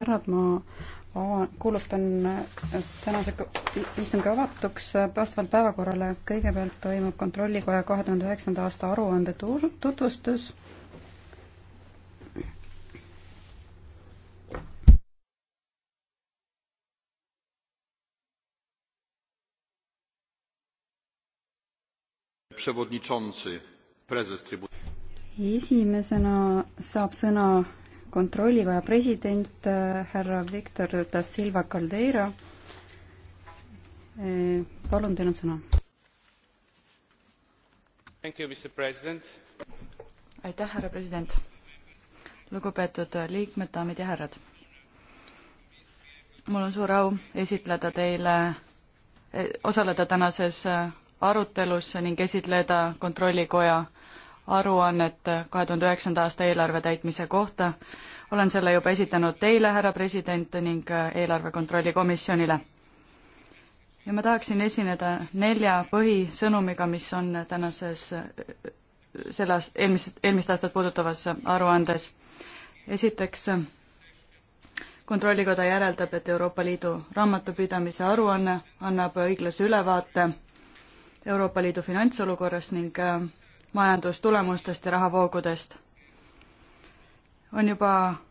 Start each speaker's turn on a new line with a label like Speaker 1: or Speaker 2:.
Speaker 1: härrad, ma avan, kuulutan tänase istungi avatuks. vastavalt päevakorrale kõigepealt toimub Kontrollikoja kahe tuhande üheksanda aasta aruande tutvustus. esimesena saab sõna kontrollikoja president äh, härra Victor da Silva Caldeira. Äh,
Speaker 2: palun, teil on sõna. aitäh, härra president. lugupeetud liikmed, daamid ja härrad. mul on suur au esitleda teile, eh, osaleda tänases äh, arutelus ning esitleda kontrollikoja aruannet kahe tuhande üheksanda aasta eelarve täitmise kohta. olen selle juba esitanud teile, härra president, ning äh, eelarve kontrolli komisjonile. ja ma tahaksin esineda nelja põhisõnumiga, mis on tänases äh, selles eelmist, eelmist aastat puudutavas aruandes. esiteks, kontrollikoda järeldab, et Euroopa Liidu raamatupidamise aruanne annab õiglase ülevaate Euroopa Liidu finantsolukorrast ning äh, majandustulemustest ja rahavoogudest. on juba